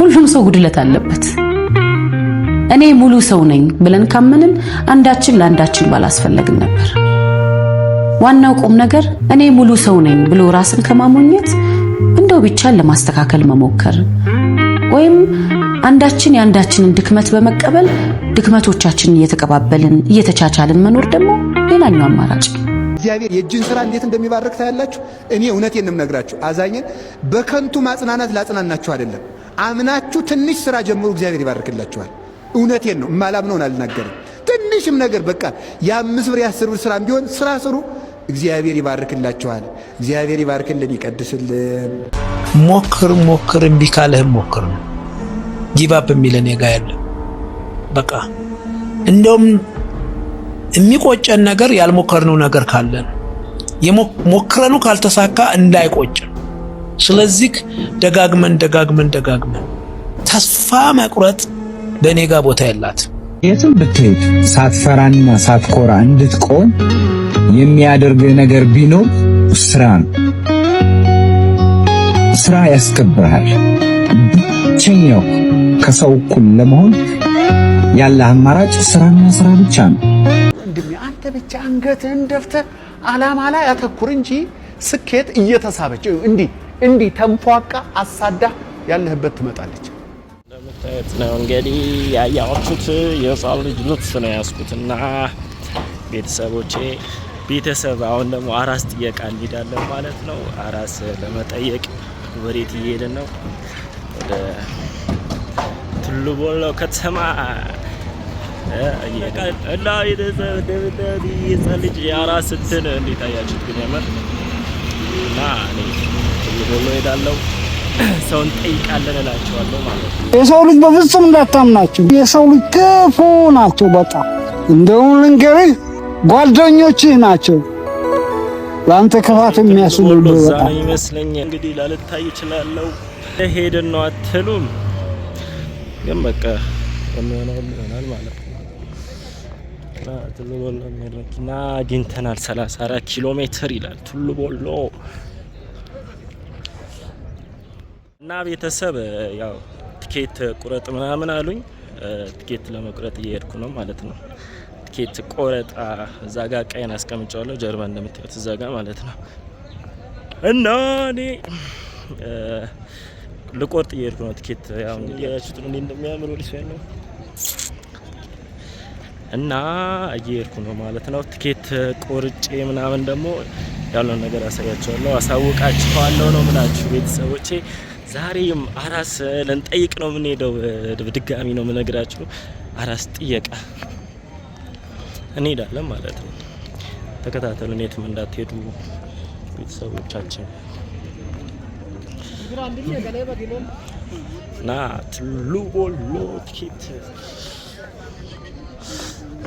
ሁሉም ሰው ጉድለት አለበት። እኔ ሙሉ ሰው ነኝ ብለን ካመንን አንዳችን ለአንዳችን ባላስፈለግን ነበር። ዋናው ቁም ነገር እኔ ሙሉ ሰው ነኝ ብሎ ራስን ከማሞኘት እንደው ብቻ ለማስተካከል መሞከር ወይም አንዳችን የአንዳችንን ድክመት በመቀበል ድክመቶቻችንን እየተቀባበልን እየተቻቻልን መኖር ደግሞ ሌላኛው አማራጭ። እግዚአብሔር የእጅን ስራ እንዴት እንደሚባርክ ታያላችሁ። እኔ እውነቴን እምነግራችሁ አዛኝን በከንቱ ማጽናናት ላጽናናችሁ አይደለም። አምናችሁ ትንሽ ስራ ጀምሩ፣ እግዚአብሔር ይባርክላችኋል። እውነቴን ነው። እማላምነውን አልናገርም። ትንሽም ነገር በቃ የአምስት ብር የአስር ብር ስራ ቢሆን ስራ ስሩ፣ እግዚአብሔር ይባርክላችኋል። እግዚአብሔር ይባርክልን፣ ይቀድስልን። ሞክር ሞክር፣ እምቢ ካለህም ሞክር ነው። ጊባብ የሚለን ጋ ያለ በቃ እንደውም የሚቆጨን ነገር ያልሞከርነው ነገር ካለን ሞክረኑ ካልተሳካ እንዳይቆጭን ስለዚህ ደጋግመን ደጋግመን ደጋግመን ተስፋ መቁረጥ በእኔ ጋር ቦታ የላት። የትም ብትሄድ ሳትፈራና ሳትኮራ እንድትቆም የሚያደርግ ነገር ቢኖር ስራ ነው። ስራ ያስከብርሃል። ብቸኛው ከሰው እኩል ለመሆን ያለ አማራጭ ስራና ስራ ብቻ ነው። ወንድሜ አንተ ብቻ አንገትህን ደፍተህ አላማ ላይ አተኩር እንጂ ስኬት እየተሳበች እንዲህ እንዲህ ተንፏቃ አሳዳ ያለህበት ትመጣለች። ለምታየት ነው እንግዲህ ያያችሁት የህፃን ልጅ ልብስ ነው ያስኩትና ቤተሰቦቼ ቤተሰብ አሁን ደግሞ አራስ ጥየቃ እንሄዳለን ማለት ነው። አራስ ለመጠየቅ ወዴት እየሄድን ነው? ወደ ቱሉ ቦሎ ከተማ እና ቤተሰብ እንደምታየት የህፃን ልጅ የአራስ እንትን እንዴት አያችሁት ግን ያመር እና እኔ ወሎ ሄዳለሁ፣ ሰውን ጠይቃለን እላቸዋለሁ ማለት ነው። የሰው ልጅ በፍጹም እንዳታምናቸው፣ የሰው ልጅ ክፉ ናቸው በጣም እንደውም ልንገርህ፣ ጓደኞችህ ናቸው ለአንተ ክፋት የሚያስቡልህ በጣም ይመስለኛል። እንግዲህ ላልታይ እችላለሁ። ሄደን ነው አትሉም? ግን በቃ የሚሆነው ይሆናል ማለት ነው። መኪና አግኝተናል። 34 ኪሎ ሜትር ይላል ቱሉ ቦሎ እና ቤተሰብ ያው ትኬት ቁረጥ ምናምን አሉኝ። ትኬት ለመቁረጥ እየሄድኩ ነው ማለት ነው። ትኬት ቆረጣ እዛ ጋ ቀይን አስቀምጫዋለሁ ጀርባ እንደምታዩት እዛ ጋ ማለት ነው። እና እኔ ልቆርጥ እየሄድኩ ነው ትኬት ያው እንደሚያምሩ ሊስ ያለው እና እየሄድኩ ነው ማለት ነው። ትኬት ቆርጬ ምናምን ደግሞ ያለውን ነገር አሳያቸዋለሁ፣ አሳውቃችኋለሁ ነው ምላችሁ ቤተሰቦቼ። ዛሬም አራስ ልንጠይቅ ነው የምንሄደው። ድጋሚ ነው የምነግራችሁ አራስ ጥየቃ እንሄዳለን ማለት ነው። ተከታተሉ፣ የትም እንዳትሄዱ ቤተሰቦቻችን እና ትሉ ትኬት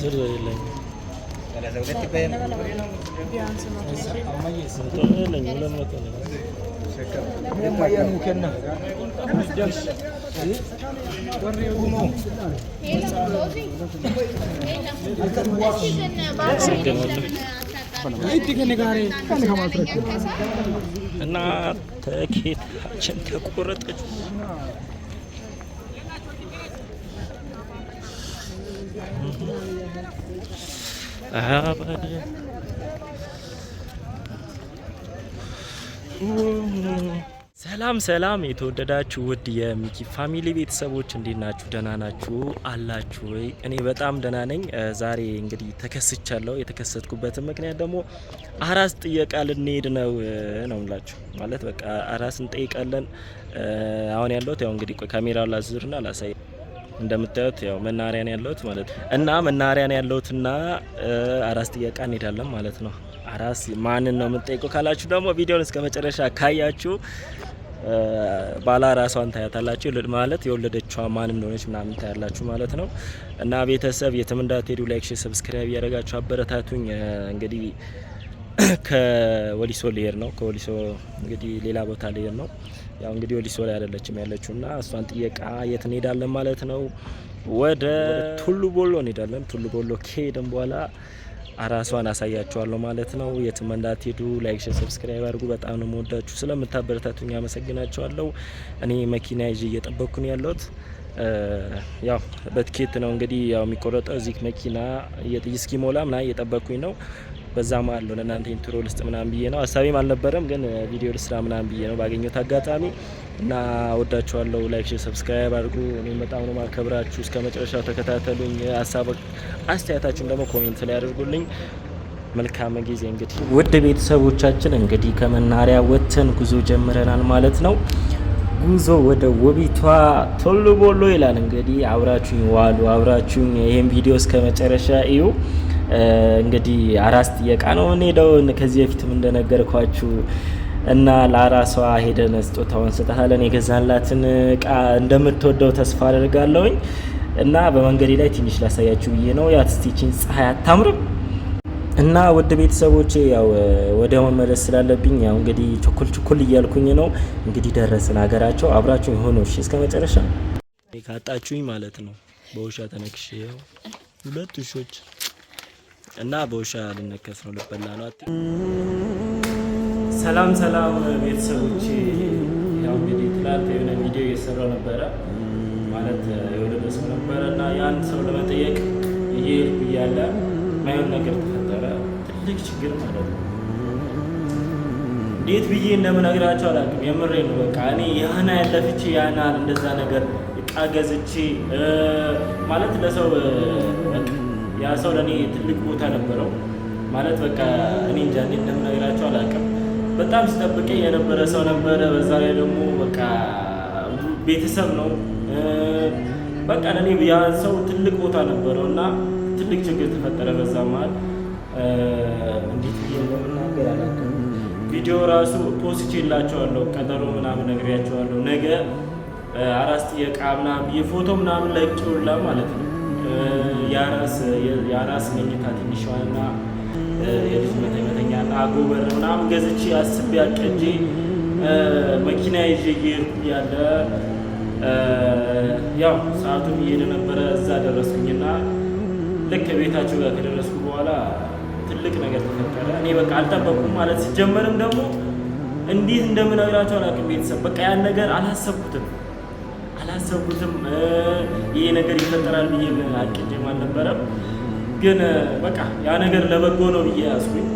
زرزر የለኝም እና ተኬታችን ተቆረጠች። ሰላም ሰላም የተወደዳችሁ ውድ የሚኪ ፋሚሊ ቤተሰቦች እንዴት ናችሁ? ደህና ናችሁ አላችሁ ወይ? እኔ በጣም ደህና ነኝ። ዛሬ እንግዲህ ተከስቻለሁ። የተከሰትኩበትን ምክንያት ደግሞ አራስ ጥየቃ ልንሄድ ነው ነው ምላችሁ ማለት በቃ አራስ እንጠይቃለን። አሁን ያለሁት ያው እንግዲህ ካሜራው ላዙርና ላሳይ እንደምታዩት ያው መናኸሪያ ነው ያለሁት ማለት ነው። እና መናኸሪያ ነው ያለሁትና አራስ ጥየቃ እንሄዳለን ማለት ነው። አራስ ማንን ነው የምንጠይቀው ካላችሁ ደግሞ ቪዲዮን እስከ መጨረሻ ካያችሁ ባላ ራሷን ታያታላችሁ ማለት የወለደችዋ ማን እንደሆነች ምናምን ታያላችሁ ማለት ነው። እና ቤተሰብ የትም እንዳትሄዱ ላይክ፣ ሼር፣ ሰብስክራይብ እያደረጋችሁ አበረታቱኝ። እንግዲህ ከወሊሶ ልሄድ ነው። ከወሊሶ እንግዲህ ሌላ ቦታ ልሄድ ነው ያው እንግዲህ ወሊሶ ላይ አይደለችም ያለችው እና እሷን ጥየቃ የት እንሄዳለን ማለት ነው? ወደ ቱሉ ቦሎ እንሄዳለን። ቱሉ ቦሎ ከሄድን በኋላ አራሷን አሳያችኋለሁ ማለት ነው። የት መንዳት ሄዱ። ላይክ፣ ሼር፣ ሰብስክራይብ አድርጉ። በጣም ነው የምወዳችሁ። ስለምታበረታቱኝ አመሰግናችኋለሁ። እኔ መኪና ይዤ እየጠበቅኩ ያለሁት። ያው በትኬት ነው እንግዲህ ያው የሚቆረጠው እዚህ መኪና እስኪሞላ ምናምን እየጠበቅኩኝ ነው። በዛ መሀል ነው ለእናንተ ኢንትሮ ልስጥ ምናምን ብዬ ነው። ሀሳቤም አልነበረም ግን ቪዲዮ ልስራ ምናምን ብዬ ነው ባገኘሁት አጋጣሚ እና ወዳችኋለሁ። ላይክ፣ ሼር፣ ሰብስክራይብ አድርጉ። እኔም በጣም ነው ማከብራችሁ። እስከ መጨረሻው ተከታተሉኝ። ሀሳብ አስተያየታችሁን ደግሞ ኮሜንት ላይ አድርጉልኝ። መልካም ጊዜ። እንግዲህ ውድ ቤተሰቦቻችን እንግዲህ ከመናሪያ ወጥተን ጉዞ ጀምረናል ማለት ነው። ጉዞ ወደ ውቢቷ ቶሎ ቦሎ ይላል። እንግዲህ አብራችሁኝ ዋሉ፣ አብራችሁኝ ይህን ቪዲዮ እስከ መጨረሻ እዩ። እንግዲህ አራስ ጥየቃ ነው እንሄደውን ከዚህ በፊትም እንደነገርኳችሁ እና ለአራሷ ሄደን ስጦታውን ስጠታለን የገዛላትን እቃ እንደምትወደው ተስፋ አደርጋለሁኝ። እና በመንገዴ ላይ ትንሽ ላሳያችሁ ብዬ ነው። ያት ስቲችን ፀሐይ አታምርም? እና ውድ ቤተሰቦቼ ያው ወደ መመለስ ስላለብኝ ያው እንግዲህ ችኩል ችኩል እያልኩኝ ነው። እንግዲህ ደረስን ሀገራቸው። አብራችሁ የሆኑ እሺ፣ እስከ መጨረሻ ካጣችሁኝ ማለት ነው። በውሻ ተነክሽ ሁለት ውሾች እና በውሻ ልነከስ ነው ልበላ ነው። ሰላም ሰላም ቤተሰቦች፣ ያው እንግዲህ ትናንት የሆነ ቪዲዮ እየሰራው ነበረ ማለት የወለደ ሰው ነበረ እና ያን ሰው ለመጠየቅ እየሄድኩ እያለ ማየሆን ነገር ተፈጠረ። ትልቅ ችግር ማለት ነው። እንዴት ብዬ እንደምነግራቸው አላውቅም። የምሬ ነው። በቃ እኔ ያህና ያለፍቼ ያህና እንደዛ ነገር እቃ ገዝቼ ማለት ለሰው ያ ሰው ለእኔ ትልቅ ቦታ ነበረው ማለት በቃ እኔ እንጃ እንደምነግራቸው አላውቅም። በጣም ሲጠብቀኝ የነበረ ሰው ነበረ። በዛ ላይ ደግሞ በቃ ቤተሰብ ነው በቃ ለእኔ ያ ሰው ትልቅ ቦታ ነበረው እና ትልቅ ችግር ተፈጠረ። በዛ መሀል እንዴት ብዬ እንደምናገር አላውቅም። ቪዲዮ ራሱ ይላቸዋለሁ፣ ቀጠሮ ምናምን ነግሬያቸዋለሁ። ነገ አራስ ጥየቃ ምናምን የፎቶ ምናምን ለቅጬ ሁላ ማለት ነው የአራስ መኝታ ትንሿና የልጅ መተኛና አጎበር ምናምን ገዝቼ አስቤ አቅጄ መኪና ይዤ እየሄድኩ ያለ ያው ሰዓቱም እየሄደ ነበረ። እዛ ደረስኩኝና ልክ ቤታቸው ጋር ከደረስኩ በኋላ ትልቅ ነገር ተፈጠረ። እኔ በቃ አልጠበቅኩም ማለት ሲጀመርም ደግሞ እንዴት እንደምነግራቸው አላውቅም። ቤተሰብ በቃ ያን ነገር አላሰብኩትም። ያላሰብኩትም ይሄ ነገር ይፈጠራል ብዬ አቅጄም አልነበረም። ግን በቃ ያ ነገር ለበጎ ነው ብዬ ያዝኩኝ።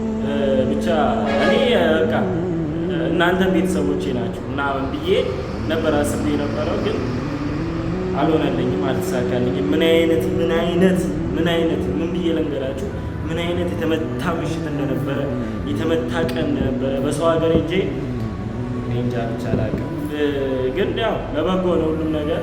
ብቻ እኔ በቃ እናንተም ቤተሰቦቼ ናችሁ እና ብዬ ነበር አስቤ የነበረው ግን አልሆነልኝም፣ አልተሳካልኝም። ምን አይነት ምን አይነት ምን አይነት ምን ብዬ ልንገራችሁ፣ ምን አይነት የተመታ ምሽት እንደነበረ የተመታ ቀን እንደነበረ በሰው ሀገር ሄጄ እንጃ ብቻ አላውቅም። ግን ያው ለበጎ ነው ሁሉም ነገር።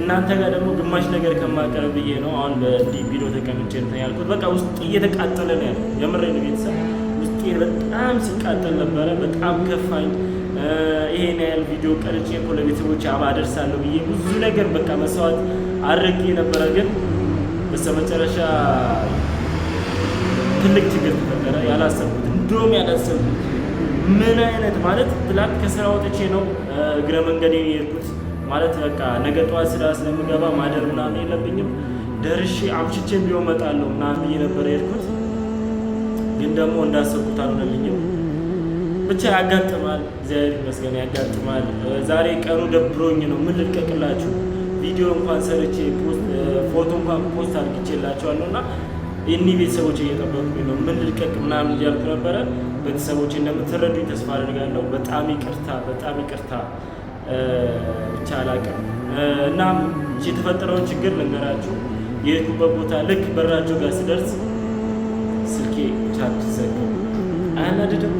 እናንተ ጋር ደግሞ ግማሽ ነገር ከማቀረብ ብዬ ነው አሁን በዲህ ቢሮ ተቀምጬ እንትን ያልኩት። በቃ ውስጥ እየተቃጠለ ነው ያለው። የምሬን ቤተሰብ ውስጤ በጣም ሲቃጠል ነበረ። በጣም ከፋኝ። ይሄን ያህል ቪዲዮ ቀርጬ እኮ ለቤተሰቦች አደርሳለሁ ብዬ ብዙ ነገር በቃ መስዋዕት አድርጌ ነበረ። ግን በስተመጨረሻ ትልቅ ችግር ተፈጠረ። ያላሰብኩት እንደውም ያላሰብኩት ምን አይነት ማለት ትላንት ከስራ ወጥቼ ነው እግረ መንገድ የሄድኩት ማለት በቃ ነገ ጠዋት ስራ ስለምገባ ማደር ምናምን የለብኝም። ደርሼ አምሽቼ ቢሆን እመጣለሁ ምናምን ብዬ ነበር የሄድኩት። ግን ደግሞ እንዳሰብኩት አልሆነልኝም። ብቻ ያጋጥማል፣ እግዚአብሔር ይመስገን ያጋጥማል። ዛሬ ቀኑ ደብሮኝ ነው ምን ልልቀቅላችሁ ቪዲዮ እንኳን ሰርቼ ፎቶ እንኳን ፖስት አድርግቼላቸዋለሁ እና እኒህ ቤተሰቦች እየጠበቁኝ ነው ምን ልልቀቅ ምናምን እያልኩ ነበረ። ቤተሰቦች እንደምትረዱ ተስፋ አድርጋለሁ። በጣም ይቅርታ በጣም ይቅርታ ብቻ አላቅም። እናም የተፈጠረውን ችግር ልንገራችሁ። የሄድኩበት ቦታ ልክ በራቸው ጋር ስደርስ ስልኬ ቻርጅ ዘጋ። አያናድድም?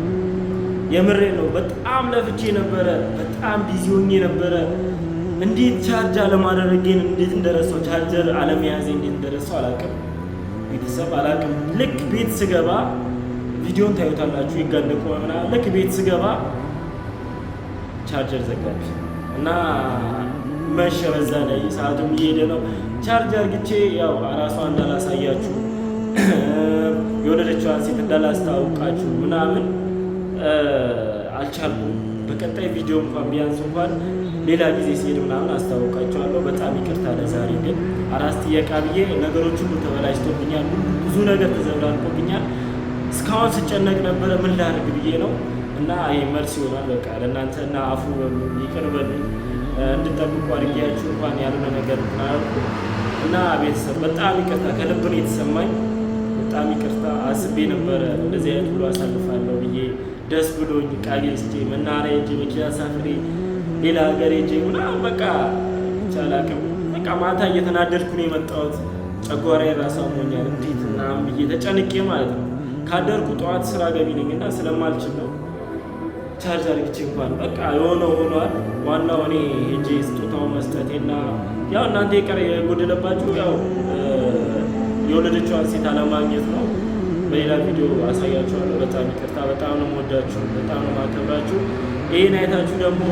የምሬ ነው። በጣም ለፍቼ ነበረ። በጣም ቢዚ ሆኜ ነበረ። እንዴት ቻርጅ አለማድረጌን እንዴት እንደረሰው ቻርጀር አለመያዜ እንዴት እንደረሰው አላቅም። ቤተሰብ አላቅም። ልክ ቤት ስገባ ቪዲዮን ታዩታላችሁ ይጋለቁ ምናምን። ልክ ቤት ስገባ ቻርጀር ዘጋች እና መሸ። በዛ ላይ ሰዓቱም እየሄደ ነው። ቻርጀር ግቼ ያው ራሷ እንዳላሳያችሁ የወለደችዋን ሴት እንዳላስታውቃችሁ ምናምን አልቻልኩም። በቀጣይ ቪዲዮ እንኳን ቢያንስ እንኳን ሌላ ጊዜ ሲሄድ ምናምን አስታውቃቸዋለሁ። በጣም ይቅርታ ለዛሬ ግን አራስ ጥያቃ ብዬ ነገሮች ሁሉ ተበላሽቶብኛል። ብዙ ነገር ተዘብራልቆብኛል። እስካሁን ስጨነቅ ነበረ ምን ላድርግ ብዬ ነው። እና ይህ መልስ ይሆናል በቃ ለእናንተ እና አፉ ይቅርበል እንድጠብቁ አድርጊያችሁ እንኳን ያልሆነ ነገር ናልኩ እና ቤተሰብ በጣም ይቅርታ ከልብን የተሰማኝ። በጣም ይቅርታ አስቤ ነበረ እንደዚህ አይነት ብሎ አሳልፋለሁ ብዬ ደስ ብሎኝ ቃጌ ገዝቼ መናሪያ ሄጄ መኪና ሳፍሬ ሌላ ሀገር ሄጄ ምናምን በቃ ቻላቅም በቃ ማታ እየተናደድኩ ነው የመጣሁት። ጨጓራዬ ራሱ አሞኛል እንዴት ምናምን ብዬ ተጨንቄ ማለት ነው ካደርኩ ጠዋት ስራ ገቢ ነኝ እና ስለማልችል ነው ቻርጅ አድርግቼ እንኳን በቃ የሆነ ሆኗል። ዋናው እኔ ሄጄ ስጦታው መስጠቴና ያው እናንተ የቀረ የጎደለባችሁ ያው የወለደችዋን ሴት አለማግኘት ነው። በሌላ ቪዲዮ አሳያችኋለሁ። በጣም ይቅርታ። በጣም ነው የምወዳችሁ፣ በጣም ነው የማከብራችሁ። ይህን አይታችሁ ደግሞ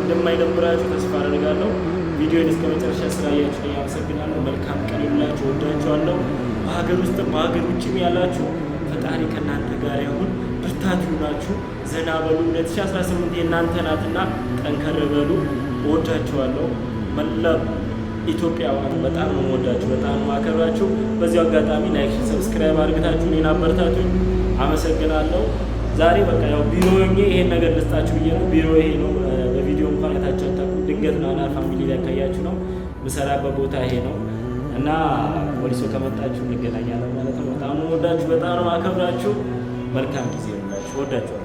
እንደማይደብራችሁ ተስፋ አደርጋለሁ። ቪዲዮን እስከ መጨረሻ ስላያችሁ አመሰግናለሁ። መልካም ቀን ይሁንላችሁ። ወዳችኋለሁ። በሀገር ውስጥ በሀገር ውጭም ያላችሁ ፈጣሪ ከእናንተ ጋር ይሁን። ብርታት ይሁናችሁ። ዘና በሉ። 2018 የእናንተ ናትና ጠንከር በሉ። እወዳችኋለሁ። መላ ኢትዮጵያውያን በጣም ነው እወዳችሁ፣ በጣም ነው ማከብራችሁ። በዚያው አጋጣሚ ላይክ፣ ሰብስክራይብ አድርግታችሁ እኔን አበርታቱኝ። አመሰግናለሁ። ዛሬ በቃ ያው ቢሮ ሆኜ ይሄን ነገር ልስጣችሁ ብዬ ነው። ቢሮ ይሄ ነው። በቪዲዮ እንኳን የታቸው ድንገት ነው አላ ፋሚሊ ላይ ካያችሁ ነው ምሰራበት ቦታ ይሄ ነው። እና ወሊሶ ከመጣችሁ እንገናኛለን ማለት ነው። በጣም ወዳችሁ፣ በጣም አከብራችሁ። መልካም ጊዜ ላችሁ ወዳችሁ